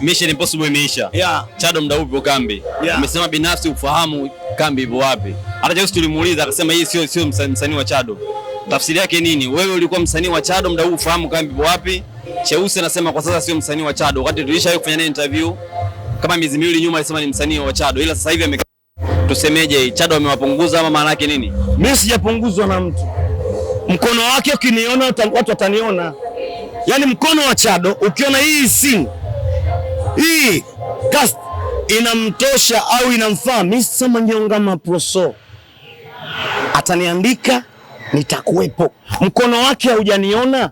Mission Impossible imeisha. Yeah. Chado mda upo kambi. Yeah. Umesema binafsi ufahamu kambi ipo wapi. Hata Jesus tulimuuliza akasema hii sio sio msanii wa Chado. Tafsiri yake nini? Wewe ulikuwa msanii wa Chado mda huu ufahamu kambi ipo wapi? Cheusi anasema kwa sasa sio msanii wa Chado. Wakati tulishawahi kufanya naye interview kama miezi miwili nyuma alisema ni msanii wa Chado ila sasa hivi ame tusemeje Chado amewapunguza ama maana yake nini? Mimi sijapunguzwa na mtu. Mkono wake ukiniona watu wataniona. Yaani mkono wa Chado ukiona hii scene hii cast inamtosha au inamfaa Mr. manyonga maproso ataniandika nitakuwepo. Mkono wake haujaniona,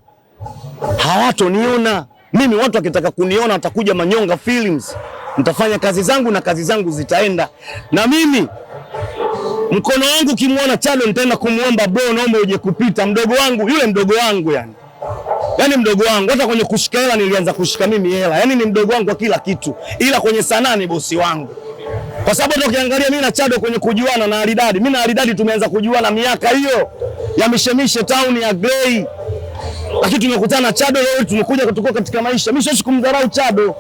hawatoniona mimi. Watu wakitaka kuniona watakuja Manyonga Films, nitafanya kazi zangu na kazi zangu zitaenda na mimi mkono wangu kimwona Chado, nitaenda kumwomba bro, naomba uje kupita mdogo wangu, yule mdogo wangu yani yani mdogo wangu hata kwenye kushika hela nilianza kushika mimi hela. yani ni mdogo wangu kwa kila kitu. Ila kwenye sanaa ni bosi wangu. Kwa sababu hata ukiangalia mimi na Chado kwenye kujuana na Alidadi. Mimi na Alidadi tumeanza kujuana miaka hiyo ya mishemishe town ya Grey. Lakini tumekutana Chado leo tumekuja kutoka katika maisha. Mimi siwezi kumdharau Chado.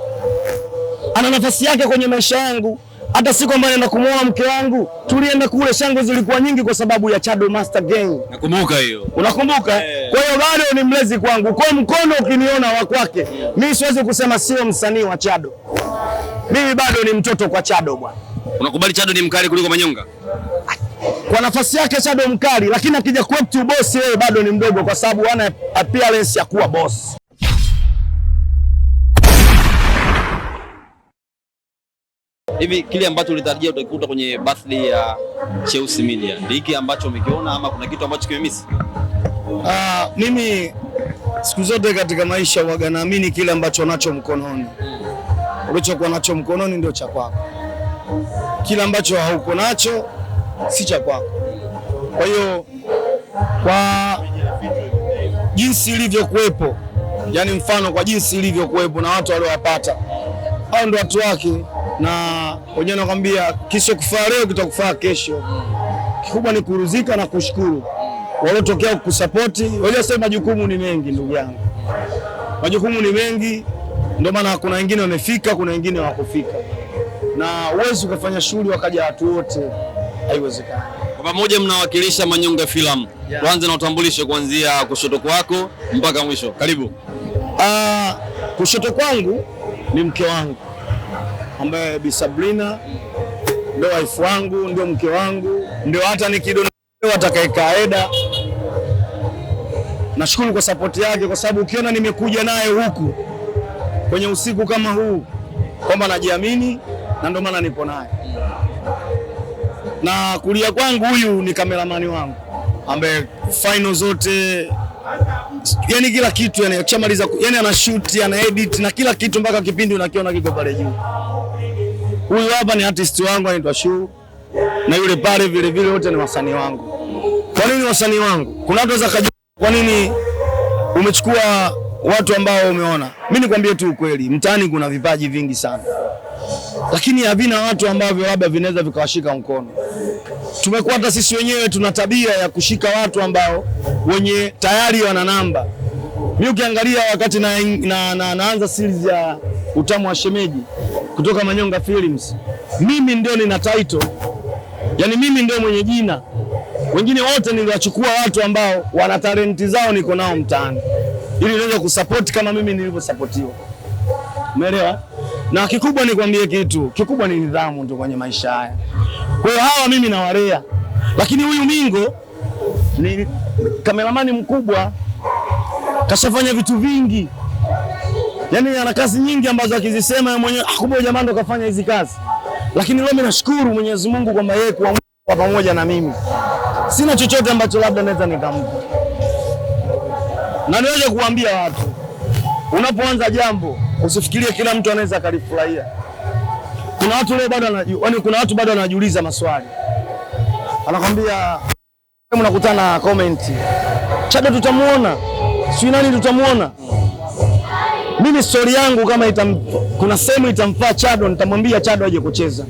Ana nafasi yake kwenye maisha yangu. Hata siku ambayo naenda kumwoa mke wangu, tulienda kule, shangwe zilikuwa nyingi kwa sababu ya Chado Master Gang. Nakumbuka hiyo. Unakumbuka? Hey. Eh. Kwa hiyo bado ni mlezi kwangu, kwa mkono ukiniona wa kwake, mimi siwezi kusema sio msanii wa Chado. Mimi bado ni mtoto kwa Chado bwana. Unakubali Chado ni mkali kuliko Manyonga? Kwa nafasi yake Chado mkali, lakini akija kuwa boss, yeye bado ni mdogo kwa sababu ana appearance ya kuwa boss. Hivi kile ambacho ulitarajia utakikuta kwenye birthday ya Chelsea Media ni hiki ambacho umekiona ama kuna kitu ambacho kimemisi? Ah, mimi siku zote katika maisha huwaga naamini kile ambacho nacho mkononi, ulichokuwa nacho mkononi ndio cha kwako. Kile ambacho hauko nacho si cha kwako. Kwa hiyo kwa jinsi ilivyokuwepo, yani mfano kwa jinsi ilivyokuwepo na watu waliowapata, hao ndio watu wake na wenyewe nakwambia, kisichokufaa leo kitakufaa kesho. Kikubwa ni kuruzika na kushukuru waliotokea kukusapoti. Unajua sasa majukumu ni mengi ndugu yangu, majukumu ni mengi, ndio maana kuna wengine wamefika, kuna wengine hawakufika, na uwezi ukafanya shughuli wakaja watu wote, haiwezekani. Kwa pamoja mnawakilisha Manyonga Filamu. Tuanze yeah, na utambulisho kuanzia kushoto kwako mpaka mwisho. Karibu. Uh, kushoto kwangu ni mke wangu ambaye Bi Sabrina ndio waifu wangu, ndio mke wangu, ndio hata nikidona atakayekaa Eda. Nashukuru kwa sapoti yake, kwa sababu ukiona nimekuja naye huku kwenye usiku kama huu kwamba najiamini na ndio maana nipo naye, na kulia kwangu huyu ni kameramani wangu ambaye final zote yani kila kitu yani akishamaliza yani shoot ana edit na kila kitu mpaka kipindi unakiona kiko pale juu. Huyu hapa ni artist wangu anaitwa Shu, na yule pale vile vile wote ni wasanii wangu. Kwa nini wasanii wangu? Kuna watu wazakaji, kwa nini umechukua watu ambao umeona? Mimi nikwambie tu ukweli, mtaani kuna vipaji vingi sana, lakini havina watu ambavyo labda vinaweza vikawashika mkono. Tumekuwa hata sisi wenyewe tuna tabia ya kushika watu ambao wenye tayari wana namba. Mimi ukiangalia wakati na, na, na, naanza series ya utamu wa shemeji kutoka Manyonga Films. Mimi ndio nina title, yaani mimi ndio mwenye jina. Wengine wote niliwachukua watu ambao wana talenti zao niko nao mtaani, ili niweze kusupport kama mimi nilivyosapotiwa. Umeelewa? Na kikubwa nikwambie kitu kikubwa, ni nidhamu tu kwenye maisha haya. Kwa hiyo hawa mimi nawalea lakini huyu Mingo ni kameramani mkubwa, kashafanya vitu vingi yani ana kazi nyingi ambazo akizisema yeye mwenyewe ah, jamaa ndo kafanya hizi kazi. Lakini leo mimi nashukuru Mwenyezi Mungu kwamba yeye kwa pamoja na mimi, sina chochote ambacho labda naweza nikampa, na niweze kuambia watu, unapoanza jambo usifikirie kila mtu anaweza akalifurahia. Kuna watu leo bado wanajua, yani kuna watu bado wanajiuliza maswali, anakwambia mnakutana na comment, Chado tutamuona, si nani tutamuona mimi stori yangu kama itam, kuna sehemu itamfaa Chado, nitamwambia Chado aje kucheza.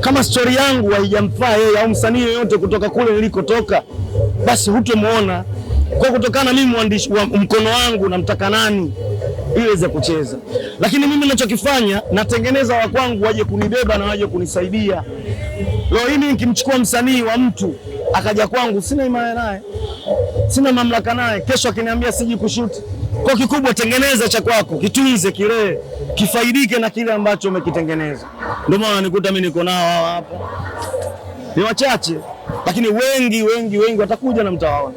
Kama stori yangu haijamfaa yeye au msanii yoyote kutoka kule nilikotoka, basi hutomwona kwa kutokana mimi mwandishi wa mkono wangu namtaka nani iweze kucheza. Lakini mimi ninachokifanya natengeneza wa kwangu waje kunibeba na waje kunisaidia. Leo hii nikimchukua msanii wa mtu akaja kwangu, sina imani naye, sina mamlaka naye, kesho akiniambia siji kushuti kwa kikubwa, tengeneza cha kwako, kitunze, kilee, kifaidike na kile ambacho umekitengeneza. Ndio maana nikuta mimi niko nao hawa ni wachache lakini wengi wengi wengi watakuja na mtawaona.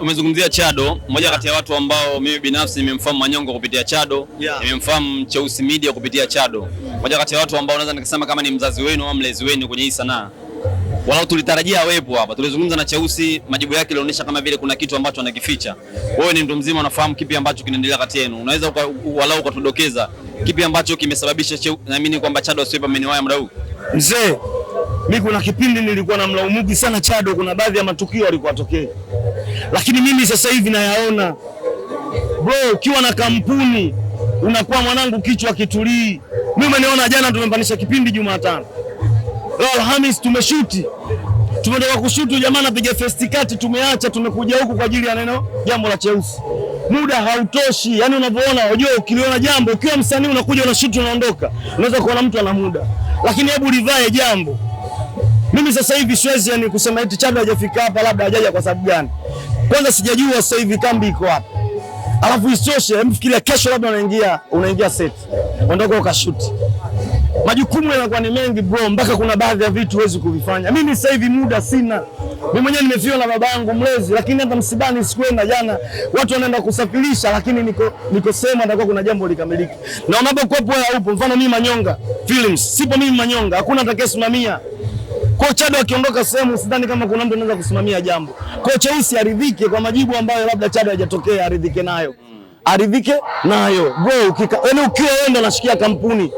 Umezungumzia Chado, mmoja kati ya watu ambao mimi binafsi nimemfahamu Manyongo kupitia Chado, nimemfahamu yeah. Cheusi Media kupitia Chado, mmoja kati ya watu ambao naweza nikasema kama ni mzazi wenu au mlezi wenu kwenye hii sanaa walau tulitarajia awepo hapa. Tulizungumza na Cheusi, majibu yake yalionyesha kama vile kuna kitu ambacho anakificha. Wewe ni mtu mzima, unafahamu kipi ambacho kinaendelea kati yenu, unaweza uka, walau ukatudokeza kipi ambacho kimesababisha naamini kwamba Chado asiwepo maeneo haya muda huu? Mzee, mi kuna kipindi nilikuwa na namlaumuki sana Chado, kuna baadhi ya matukio alikuwa tokea, lakini mimi sasa hivi nayaona bro, ukiwa na kampuni unakuwa mwanangu, kichwa kitulii. Mimi umeniona jana, tumepanisha kipindi Jumatano leo Alhamis tumeshuti, tumetoka kushuti, jamaa napiga festi kati, tumeacha tumekuja huku kwa ajili ya neno jambo la Cheusi. Muda hautoshi, yani unavyoona, unajua ukiliona jambo, ukiwa msanii unakuja unashuti unaondoka, unaweza kuona mtu ana muda, lakini hebu livae jambo. Mimi sasa hivi siwezi yani kusema eti Chado hajafika hapa, labda hajaja kwa sababu gani? Kwanza sijajua sasa hivi kambi iko hapa alafu isitoshe, mfikiria kesho labda unaingia unaingia set, ondoka ukashuti majukumu yanakuwa ni mengi bro, mpaka kuna baadhi ya vitu huwezi kuvifanya. Mimi sasa hivi muda sina, mimi mwenyewe nimefiwa na baba yangu mlezi, lakini hata msibani sikuenda jana. Watu wanaenda kusafirisha, lakini niko niko sema ndio kuna jambo likamiliki, na unapokuwa wewe upo. Mfano mimi Manyonga Films, sipo mimi Manyonga, hakuna atakayesimamia kocha Chado akiondoka sehemu, sidhani kama kuna mtu anaweza kusimamia jambo. Kocha Isi aridhike kwa majibu ambayo labda Chado hajatokea, aridhike nayo, aridhike nayo bro. Ukika yani ukiwa wewe ndo unashikia kampuni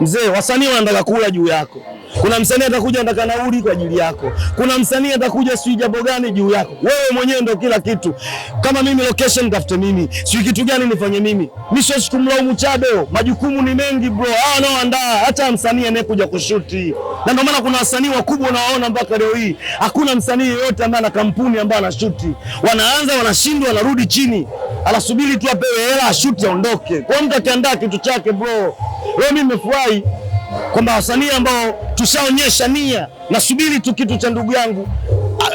Mzee, wasanii wanataka kula juu yako. Kuna msanii atakuja nataka nauli kwa ajili yako, kuna msanii atakuja sijui jambo gani juu yako wewe mwenyewe, ndio kila kitu. Kama mimi location nitafute mimi, sijui kitu gani nifanye mimi. Mimi siwezi kumlaumu Chado, majukumu ni mengi bro, hao ah, wanaoandaa hata msanii anayekuja kushuti, na ndio maana kuna wasanii wakubwa unawaona mpaka leo hii, hakuna msanii yeyote ambaye ana kampuni ambayo anashuti, wanaanza wanashindwa, wanarudi chini anasubiri tu apewe hela ashuti aondoke. Kwa mtu akiandaa kitu chake bro, leo mimi nimefurahi kwamba wasanii ambao tushaonyesha nia, nasubiri tu kitu cha ndugu yangu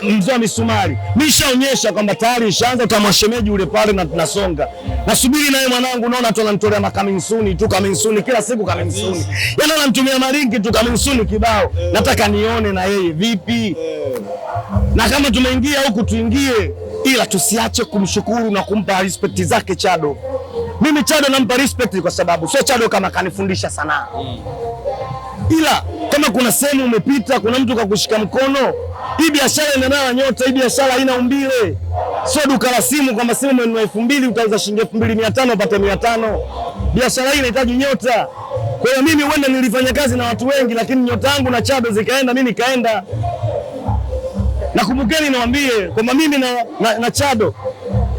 mzee wa misumari, mimi shaonyesha kwamba tayari ishaanza utamwashemeji ule pale, na tunasonga. Nasubiri naye mwanangu, naona tu ananitolea makaminsuni tu, kaminsuni kila siku, kaminsuni yaani yana, anamtumia maringi tu, kaminsuni kibao. Nataka nione na yeye vipi, na kama tumeingia huku tuingie, ila tusiache kumshukuru na kumpa respect zake Chado. Mimi Chado nampa respect kwa sababu sio Chado kama kanifundisha sanaa ila kama kuna sehemu umepita, kuna mtu kakushika mkono, hii biashara inaendana na nyota. Hii biashara haina umbile, sio duka la simu kwamba simu umenunua elfu mbili utauza shilingi elfu mbili mia tano upate mia tano. Biashara hii inahitaji nyota. Kwa hiyo mimi huenda nilifanya kazi na watu wengi, lakini nyota yangu na Chado zikaenda, mi nikaenda. Nakumbukeni niwaambie kwamba mimi na, na, na Chado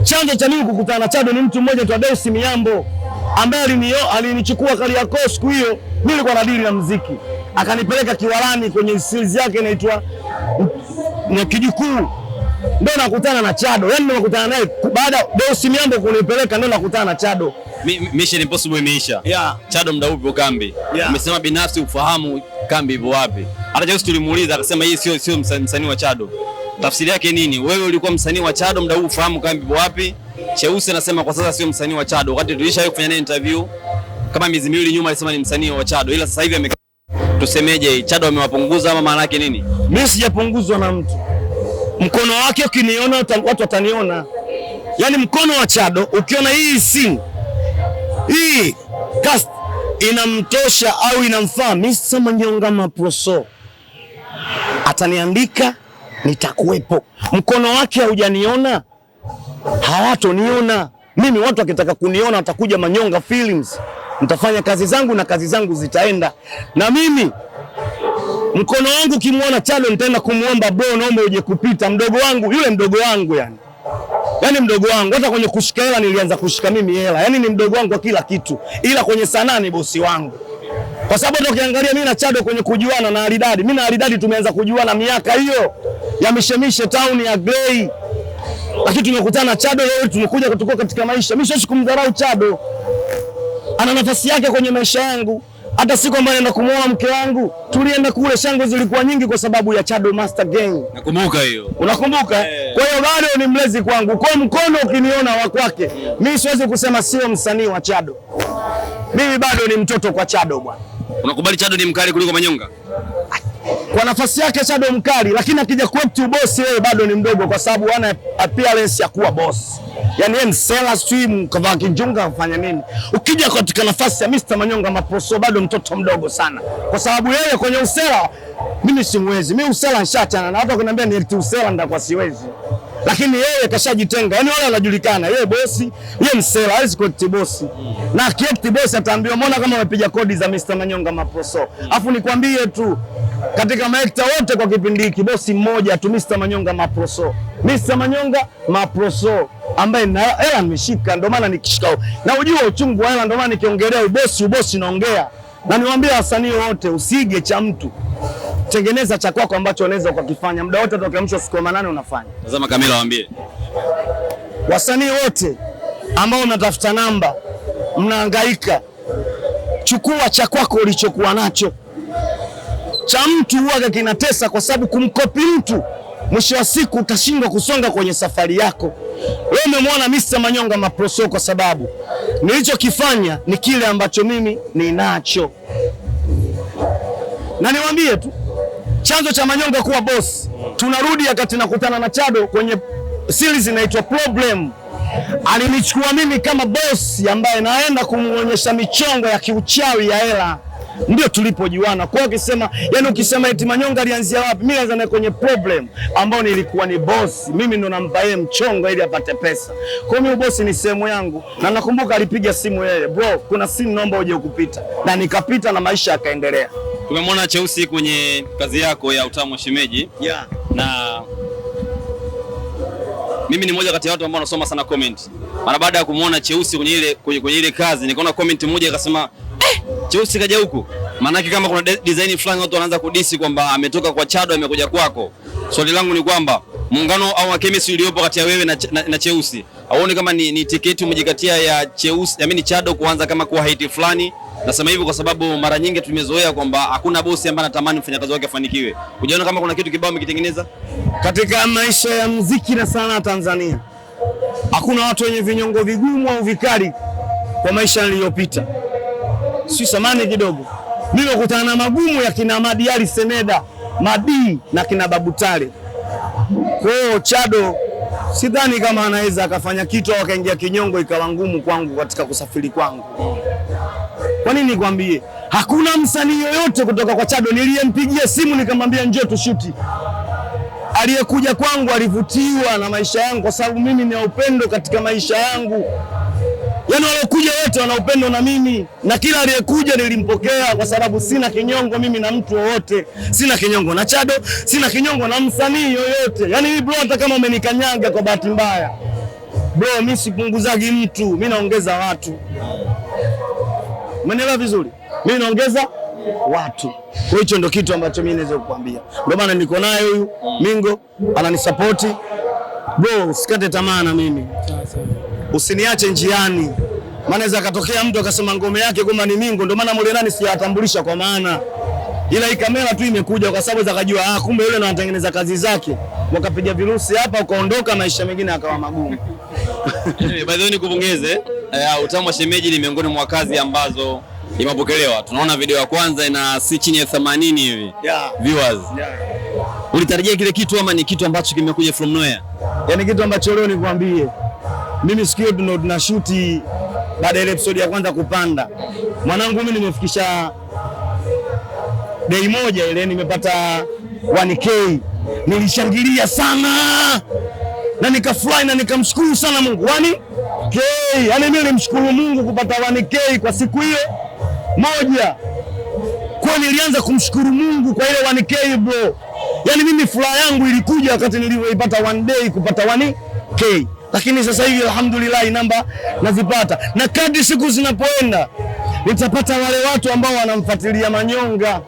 chanzo cha mimi kukutana na Chado ni mtu mmoja tu, Deusi Miambo ambaye alinichukua Kariakoo siku hiyo, mimi nilikuwa na dili na muziki, akanipeleka Kiwalani kwenye series yake inaitwa na Kijukuu, ndio nakutana na Chado. Yani nimekutana naye baada ya Deusi Miambo kunipeleka, ndio nakutana na Chado. Mission Impossible imeisha. Yeah. Chado muda upo kambi. Yeah. Umesema binafsi ufahamu kambi ipo wapi? Hata juzi tulimuuliza akasema hii sio sio msanii msani wa Chado. Tafsiri yake nini? Wewe ulikuwa msanii wa Chado muda huu ufahamu kambi ipo wapi? Cheusi anasema kwa sasa sio msanii wa Chado, wakati tulishawahi kufanya naye interview kama miezi miwili nyuma, alisema ni msanii wa Chado, ila sasa hivi ame tusemeje, Chado amewapunguza ama maana yake nini? Mimi sijapunguzwa na mtu, mkono wake ukiniona watu wataniona. Yaani mkono wa Chado ukiona hii scene hii cast inamtosha au inamfaa, mimi Mr. Manyonga Maproso ataniandika, nitakuwepo. Mkono wake haujaniona hawatoniona mimi. Watu wakitaka kuniona watakuja Manyonga Films, nitafanya kazi zangu na kazi zangu zitaenda. Na mimi mkono wangu kimuona Chalo, nitaenda kumwomba bro, naomba uje kupita. Mdogo wangu yule, mdogo wangu yani yaani mdogo wangu, hata kwenye kushika hela nilianza kushika mimi hela, yaani ni mdogo wangu kwa kila kitu, ila kwenye sanaa ni bosi wangu, kwa sababu hata ukiangalia mimi na Chado kwenye kujuana na Alidadi, mimi na Alidadi tumeanza kujuana miaka hiyo ya mishemishe town ya Grey lakini tumekutana na Chado leo, tumekuja kutoka katika maisha. Mimi siwezi kumdharau Chado, ana nafasi yake kwenye maisha yangu. Hata siku ambayo naenda kumuoa mke wangu, tulienda kule, shangwe zilikuwa nyingi kwa sababu ya Chado Master Gang. Nakumbuka hiyo, unakumbuka yeah. Kwa hiyo bado ni mlezi kwangu, kwa mkono ukiniona wa kwake yeah. Mimi siwezi kusema sio msanii wa Chado, mimi bado ni mtoto kwa Chado bwana. Unakubali Chado ni mkali kuliko Manyonga? kwa nafasi yake shado mkali, lakini akija kwetu bosi, wewe bado ni mdogo, kwa sababu wana appearance ya kuwa boss. yani yeye msela, swim kavaa kijunga afanya nini. Ukija katika nafasi ya Mr Manyonga Maproso, bado mtoto mdogo sana, kwa sababu yeye kwenye usela mimi simwezi. Mimi usela nishachana na hata akiniambia ni usela nitakuwa siwezi lakini yeye kashajitenga, yani wala anajulikana yeye bosi, yeye msela, hawezi kuact bosi na akiact bosi ataambiwa, mbona kama umepiga kodi za Mr. Manyonga Maproso. Afu nikwambie tu katika maekta wote kwa kipindi hiki bosi mmoja tu, Mr. Manyonga Maproso, Mr. Manyonga Maproso ambaye na hela nimeshika, ndio maana nikishika na ujua uchungu wa hela, ndio maana nikiongelea ubosi, ubosi naongea na niwaambie wasanii wote, usige cha mtu tengeneza cha kwako ambacho unaweza ukakifanya muda wote, ukiamsha siku ya manane unafanya. Tazama kamera, waambie wasanii wote ambao mnatafuta namba, mnahangaika, chukua cha kwako ulichokuwa nacho. Cha mtu huaga kinatesa, kwa sababu kumkopi mtu mwisho wa siku utashindwa kusonga kwenye safari yako. Wewe umemwona Mr. Manyonga Maproso kwa sababu nilichokifanya ni kile ambacho mimi ninacho, na niwaambie tu chanzo cha Manyonga kuwa boss. Tunarudi wakati nakutana na Chado kwenye series inaitwa Problem, alinichukua mimi kama boss ambaye naenda kumuonyesha michongo ya kiuchawi ya hela ndio tulipojuana kwa ukisema, yani ukisema eti Manyonga alianzia wapi, mimi naanza kwenye problem ambao nilikuwa ni boss, mimi ndo nampa yeye mchongo ili apate pesa. Kwa hiyo boss ni sehemu yangu, na nakumbuka alipiga simu yeye, bro, kuna simu naomba uje ukupita, na nikapita na maisha yakaendelea. Tumemwona Cheusi kwenye kazi yako ya utamu wa shemeji yeah. Na mimi ni mmoja kati ya watu ambao wanasoma sana comment. Mara baada ya kumwona Cheusi kwenye ile kwenye ile kazi nikaona comment moja ikasema eh, Cheusi kaja huku. Maanake kama kuna design fulani watu wanaanza kudisi kwamba ametoka kwa Chado amekuja kwako. Swali langu ni kwamba muungano au chemistry uliopo kati ya wewe na, na, na Cheusi, auone kama ni, ni tiketi umejikatia ya Cheusi, I Chado kuanza kama kuwa haiti fulani Nasema hivyo kwa sababu mara nyingi tumezoea kwamba hakuna bosi ambaye anatamani mfanyakazi wake afanikiwe. Unajiona kama kuna kitu kibao umekitengeneza katika maisha ya muziki na sanaa Tanzania? Hakuna watu wenye vinyongo vigumu au vikali kwa maisha niliyopita, si samani kidogo. Mimi nakutana na magumu ya kina Ali Seneda, Madii na kina Babutale. Kwa hiyo Chado sidhani kama anaweza akafanya kitu au akaingia kinyongo ikawa ngumu kwangu katika kusafiri kwangu. Kwa nini nikwambie? Hakuna msanii yoyote kutoka kwa Chado niliyempigia simu nikamwambia njoo tushuti. Aliyekuja kwangu alivutiwa na maisha yangu kwa sababu mimi nina upendo katika maisha yangu. Yaani waliokuja wote wana upendo na mimi, na kila aliyekuja nilimpokea kwa sababu sina kinyongo mimi na mtu wowote, sina kinyongo na Chado, sina kinyongo na msanii yoyote. Yaani hii bro, hata kama umenikanyaga kwa bahati mbaya bro, mi sipunguzagi mtu, mi naongeza watu. Umeelewa vizuri? Mimi naongeza watu. Kwa hicho ndio kitu ambacho mimi naweza kukuambia. Ndio maana niko naye huyu Mingo ananisupport. Bro, usikate tamaa na mimi. Usiniache njiani. Maana iza katokea mtu akasema ngome yake kwamba ni Mingo, ndio maana mule nani sijatambulisha kwa maana. Ila hii kamera tu imekuja kwa sababu za kujua ah, kumbe yule anatengeneza kazi zake. Wakapiga virusi hapa ukaondoka, maisha mengine akawa magumu. By the way nikupongeze. eh? uh, utamu wa shemeji ni miongoni mwa kazi ambazo imepokelewa. Tunaona video ya kwanza ina si chini ya 80 hivi yeah. viewers yeah. Ulitarajia kile kitu ama ni kitu ambacho kimekuja from nowhere? Yaani kitu ambacho leo nikwambie, mimi sikio tuna tuna shoot baada ya ile episode ya kwanza kupanda, mwanangu mimi nimefikisha dei moja ile nimepata 1k, nilishangilia sana na nikafurahi na nikamshukuru sana Mungu wani 1K. Yani mimi nimshukuru Mungu kupata 1K kwa siku hiyo moja, kwa nilianza kumshukuru Mungu kwa ile 1K bro. Yani mimi furaha yangu ilikuja wakati nilivyoipata one day kupata 1K, lakini sasa hivi alhamdulillah namba nazipata, na kadri siku zinapoenda nitapata wale watu ambao wanamfuatilia Manyonga,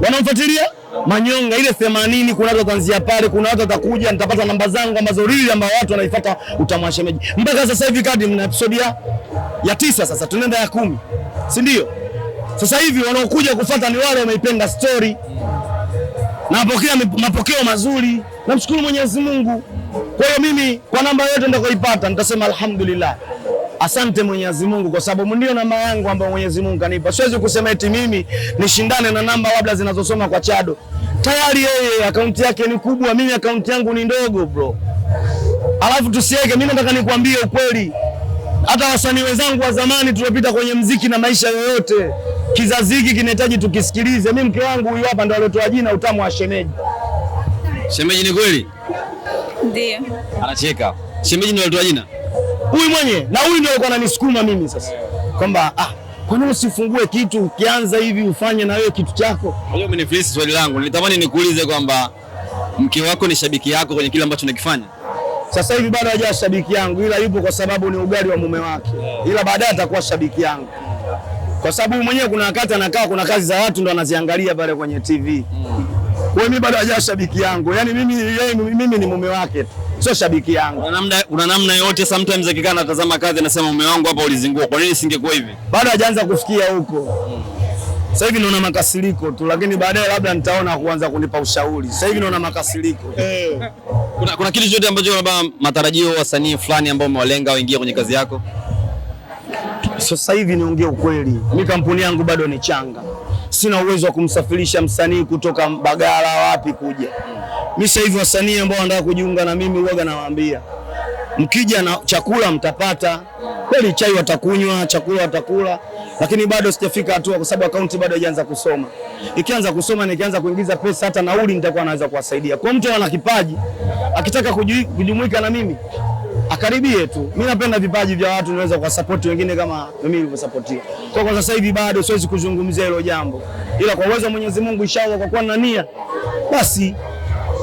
wanamfuatilia Manyonga ile 80 kuna watu kuanzia pale, kuna watu watakuja, nitapata namba zangu ambazo rili ambao watu wanaifuata utamwashemeji. Mpaka sasa hivi kadi mna episode ya ya tisa, sasa tunaenda ya kumi, si ndio? Sasa hivi wanaokuja kufuata ni wale wameipenda story, napokea mapokeo mazuri, namshukuru Mwenyezi Mungu. Kwa hiyo mimi kwa namba yote nitakoipata nitasema alhamdulillah. Asante Mwenyezi Mungu kwa sababu ndio namba yangu ambayo Mwenyezi Mungu kanipa. Siwezi kusema eti mimi nishindane na namba labda zinazosoma kwa Chado tayari yeye akaunti yake ni kubwa, mimi akaunti yangu ni ndogo bro. Alafu tusiweke, mimi nataka nikwambie ukweli, hata wasanii wenzangu wa zamani tuliopita kwenye mziki na maisha yoyote, kizazi hiki kinahitaji tukisikilize. Mimi mke wangu huyu hapa ndo aliotoa jina utamu wa shemeji. Shemeji ni kweli? Ndio. Anacheka. Shemeji ndo alitoa jina huyu mwenye, na huyu ndio alikuwa ananisukuma mimi sasa kwamba ah kwa nini usifungue kitu ukianza hivi ufanye na wewe kitu chako? Wewe umenifilisi swali langu. Nilitamani nikuulize kwamba mke wako ni shabiki yako kwenye kile ambacho unakifanya Sasa hivi bado hajawa shabiki yangu, ila yupo kwa sababu ni ugali wa mume wake, ila baadaye atakuwa shabiki yangu kwa sababu mwenyewe kuna wakati anakaa, kuna kazi za watu ndo anaziangalia pale kwenye TV. Mm. Wewe mimi bado hajawa shabiki yangu, yaani mimi, yeye mimi ni mume wake tu sio shabiki yangu. Una namna yote, sometimes akikaa natazama kazi anasema mume wangu hapa ulizingua, kwa nini singekuwa hivi? Bado hajaanza kufikia huko hmm. Sasa hivi naona makasiriko tu, lakini baadaye labda nitaona kuanza kunipa ushauri. Sasa hivi naona makasiriko hey. Eh. Kuna, kuna kitu chote ambacho labda matarajio wasanii fulani ambao umewalenga waingie kwenye kazi yako? Sasa hivi niongee ukweli, mi kampuni yangu bado ni changa, sina uwezo wa kumsafirisha msanii kutoka Mbagala wapi kuja mimi sasa hivi wasanii ambao wanataka kujiunga na mimi huaga nawaambia, mkija na chakula mtapata kweli, chai watakunywa, chakula watakula, lakini bado sijafika hatua, kwa sababu akaunti bado haijaanza kusoma. Ikianza kusoma, nikianza kuingiza pesa, hata nauli nitakuwa naweza kuwasaidia. Kwa mtu ana kipaji akitaka kujumuika na mimi akaribie tu. Mimi napenda vipaji vya watu, niweza kuwasapoti wengine kama mimi nilivyosapotiwa. Kwa kwa sasa hivi bado siwezi kuzungumzia hilo jambo, ila kwa uwezo wa Mwenyezi Mungu, inshallah, kwa kuwa na nia basi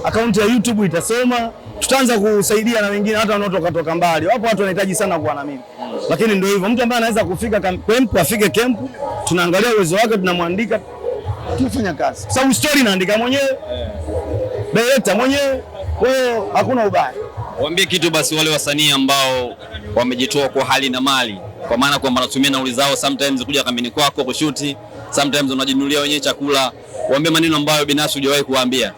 akaunti ya YouTube itasoma, tutaanza kusaidia na wengine hata wanaotoka toka mbali. Wapo watu wanahitaji sana kuwa na mimi, lakini ndio hivyo, mtu ambaye anaweza kufika camp afike kempu, tunaangalia uwezo wake, tunamwandika, tunafanya kazi, kwa sababu story naandika mwenyewe, beta mwenyewe, kwa hiyo hakuna ubaya. Waambie kitu basi wale wasanii ambao wamejitoa kwa hali na mali, kwa maana kwamba wanatumia nauli zao sometimes kuja kambini kwako kushuti, sometimes unajinunulia wenyewe chakula, waambie maneno ambayo binafsi hujawahi kuwaambia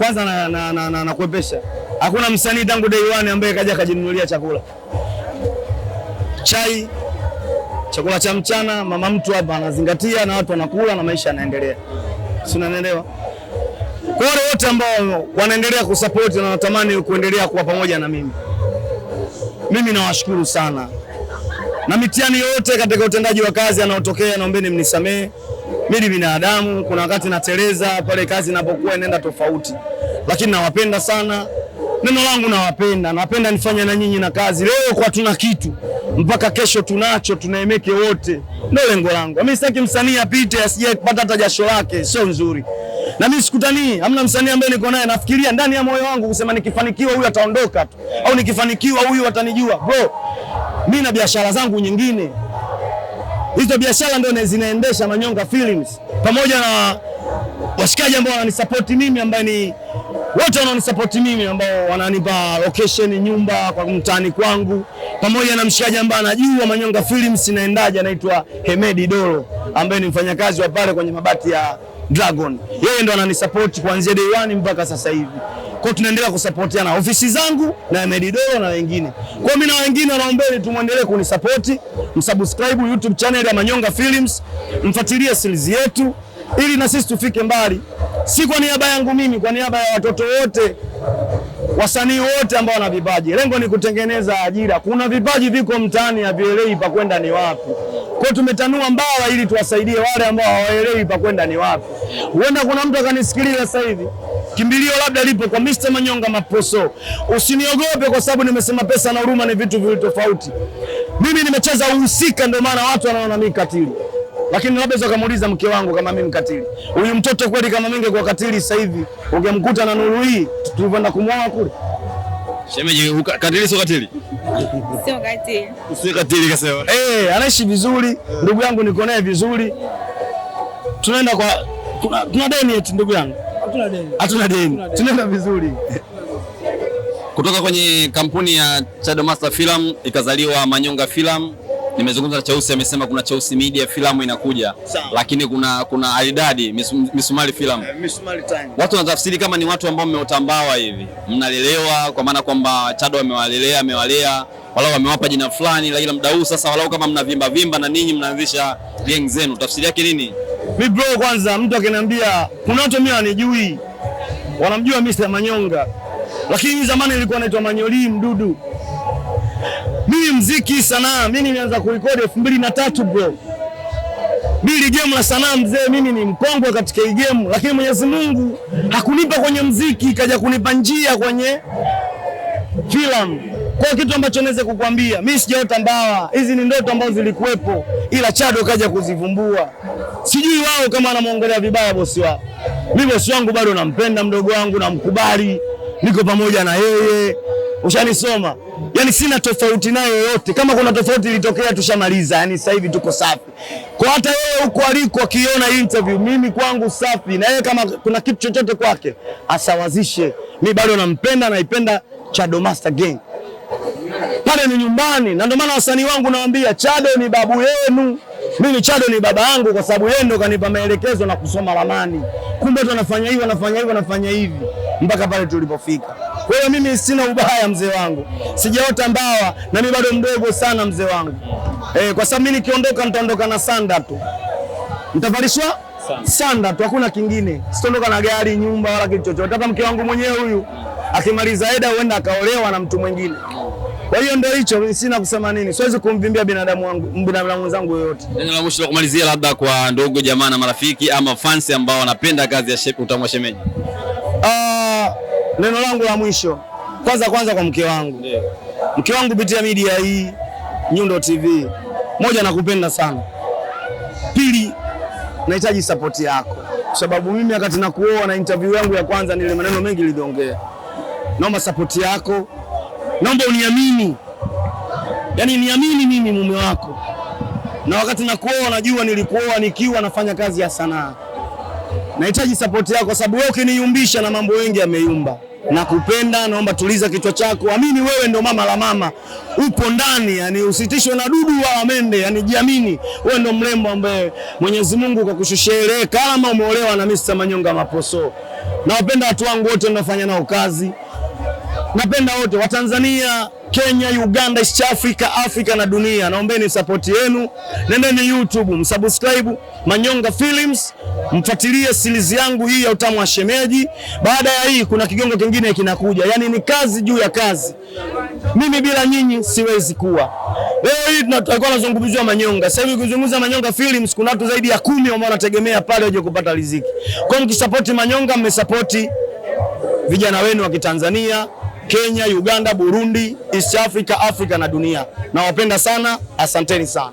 kwanza na, na, na, na, na kuepesha. Hakuna msanii tangu day one ambaye kaja kajinunulia chakula, chai, chakula cha mchana. Mama mtu hapa anazingatia na watu wanakula na maisha yanaendelea, si unanielewa? Kwa wale wote ambao wanaendelea kusupport na wanatamani kuendelea kuwa pamoja na mimi, mimi nawashukuru sana, na mitihani yote katika utendaji wa kazi anaotokea, naombeni mnisamehe mimi ni binadamu, kuna wakati nateleza pale kazi inapokuwa inaenda tofauti, lakini nawapenda sana. Neno langu nawapenda, napenda nifanye na nyinyi na kazi. Leo kwa tuna kitu mpaka kesho tunacho, tunaemeke wote, ndio lengo langu. Mimi sitaki msanii apite asije kupata hata jasho lake, sio nzuri. Na mimi sikutani, hamna msanii ambaye niko naye nafikiria ndani ya moyo wangu kusema nikifanikiwa huyu ataondoka tu, au nikifanikiwa huyu atanijua. Bro, mimi na biashara zangu nyingine hizo biashara ndio zinaendesha Manyonga Films, pamoja na washikaji ambao wananisapoti mimi, ambaye ni wote wanaonisapoti mimi, ambao wananipa location, nyumba kwa mtaani kwangu, pamoja na mshikaji ambaye anajua Manyonga Films inaendaje, anaitwa Hemedi Dolo, ambaye ni mfanyakazi wa pale kwenye mabati ya Dragon. Yeye ndo ananisapoti kuanzia day one mpaka sasa hivi. Kwa tunaendelea kusapotiana ofisi zangu na Hemedi Doro na wengine. Kwa mimi na wengine, naombeni tumwendelee kunisapoti msubscribe YouTube channel ya Manyonga Films, mfuatilie series yetu ili na sisi tufike mbali, si kwa niaba yangu mimi, kwa niaba ya watoto wote, wasanii wote ambao wana vipaji. Lengo ni kutengeneza ajira. Kuna vipaji viko mtaani, havielewi pa kwenda ni wapi. Kwa tumetanua mbawa ili tuwasaidie wale ambao hawaelewi pa kwenda ni wapi. Huenda kuna mtu akanisikiliza sasa hivi Kimbilio labda lipo kwa Mr. Manyonga Maposo. Usiniogope kwa sababu nimesema pesa na huruma ni vitu viwili tofauti. Mimi nimecheza uhusika, ndio maana watu wanaona mimi katili. Lakini labda za kumuuliza mke wangu kama mimi mkatili. Huyu mtoto kweli kama mimi ngekuwa katili sasa hivi, ungemkuta na nuru hii tulivyoenda kumwoa kule. Shemeji katili sio katili. Sio katili. Sio katili kasema. Eh, hey, anaishi vizuri, ndugu yangu niko naye vizuri. Tunaenda kwa tuna, tuna deni eti ndugu yangu hatuna deni, tunaenda vizuri. Kutoka kwenye kampuni ya Chado Master Film ikazaliwa Manyonga Film. Nimezungumza na Cheusi, amesema kuna Cheusi Media filamu inakuja Sao. Lakini kuna kuna Alidadi Misumari Film eh, Misumari Time. Watu wanatafsiri kama ni watu ambao mmeotambawa hivi mnalelewa, kwa maana kwamba Chado amewalelea amewalea walau wamewapa jina fulani, lakini mdau sasa, walau kama mnavimba vimba na ninyi mnaanzisha gang zenu, tafsiri yake nini? Mi bro, kwanza mtu akiniambia kuna watu mimi wanijui, wanamjua Mr. Manyonga, lakini zamani ilikuwa naitwa Manyoli Mdudu. Mimi mziki sanaa, mimi nilianza kurekodi elfu mbili na tatu bro. Mimi game la sanaa mzee, mimi ni mkongwe katika hii game, lakini Mwenyezi Mungu hakunipa kwenye mziki, kaja kunipa njia kwenye filamu kwa kitu ambacho naweza kukwambia mimi sijaota mbawa, hizi ni ndoto ambazo zilikuwepo, ila Chado kaja kuzivumbua. Sijui wao kama anamwongelea vibaya bosi wao. Mimi bosi wangu bado nampenda, mdogo wangu namkubali, niko pamoja na yeye, ushanisoma. Yaani sina tofauti naye yoyote, kama kuna tofauti ilitokea tushamaliza. Yaani sasa hivi tuko safi, kwa hata yeye huko aliko akiona interview, mimi kwangu safi, na yeye kama kuna kitu chochote kwake asawazishe. Mimi bado nampenda, naipenda Chado Master Gang pale ni nyumbani, na ndio maana wasanii wangu nawaambia, Chado ni babu yenu, mimi Chado ni baba yangu, kwa sababu yeye ndo kanipa maelekezo na kusoma ramani. Kumbe tu anafanya hivi, anafanya hivi, anafanya hivi mpaka pale tulipofika. Kwa hiyo mimi sina ubaya, mzee wangu, sijaota mbawa, na mimi bado mdogo sana, mzee wangu eh, kwa sababu mimi nikiondoka nitaondoka na sanda tu, nitavalishwa sanda tu, hakuna kingine. Sitondoka na gari, nyumba, wala kitu chochote. Hata mke wangu mwenyewe huyu akimaliza eda, huenda akaolewa na mtu mwingine. Kwa hiyo ndio hicho, sina kusema nini, siwezi kumvimbia binadamu wangu, binadamu wenzangu yoyote. Neno la mwisho la kumalizia, labda kwa ndugu jamaa na marafiki ama fans ambao wanapenda kazi ya Shepu Utamu wa Shemeji. Uh, neno langu la mwisho kwanza, kwanza kwa mke wangu yeah. Mke wangu kupitia media hii Nyundo TV, moja, nakupenda sana. Pili, nahitaji support yako kwa sababu mimi wakati nakuoa na interview yangu ya kwanza, nile maneno mengi niliongea, naomba support yako naomba uniamini, yaani niamini mimi mume wako, na wakati nakuoa najua nilikuoa nikiwa nafanya kazi ya sanaa. Nahitaji sapoti yako, sababu wewe ukiniyumbisha na mambo mengi yameyumba. Nakupenda, naomba tuliza kichwa chako, amini wewe ndo mama la mama, upo ndani, yani usitishwe na dudu wa amende, yani jiamini, wewe ndo mrembo ambaye Mwenyezi Mungu kakushushia ile karama. Umeolewa na Mr. Manyonga Maposo. Nawapenda watu wangu wote, nafanya nao kazi. Napenda wote wa Tanzania, Kenya, Uganda, East Africa, Afrika na dunia, naombeni support yenu. Nendeni YouTube msubscribe Manyonga Films, mfuatilie series yangu hii ya utamu wa shemeji. Baada ya hii, kuna kigongo kingine kinakuja, yaani ni kazi juu ya kazi. Mimi bila nyinyi siwezi kuwa. Leo hii tunakuwa tunazungumzia Manyonga. Sasa hivi kuzungumza Manyonga Films, kuna watu zaidi ya kumi ambao wanategemea pale waje kupata riziki. Kwa mkisapoti Manyonga, mmesupport vijana wenu wa Kitanzania. Kenya, Uganda, Burundi, East Africa, Africa na dunia. Nawapenda sana, asanteni sana.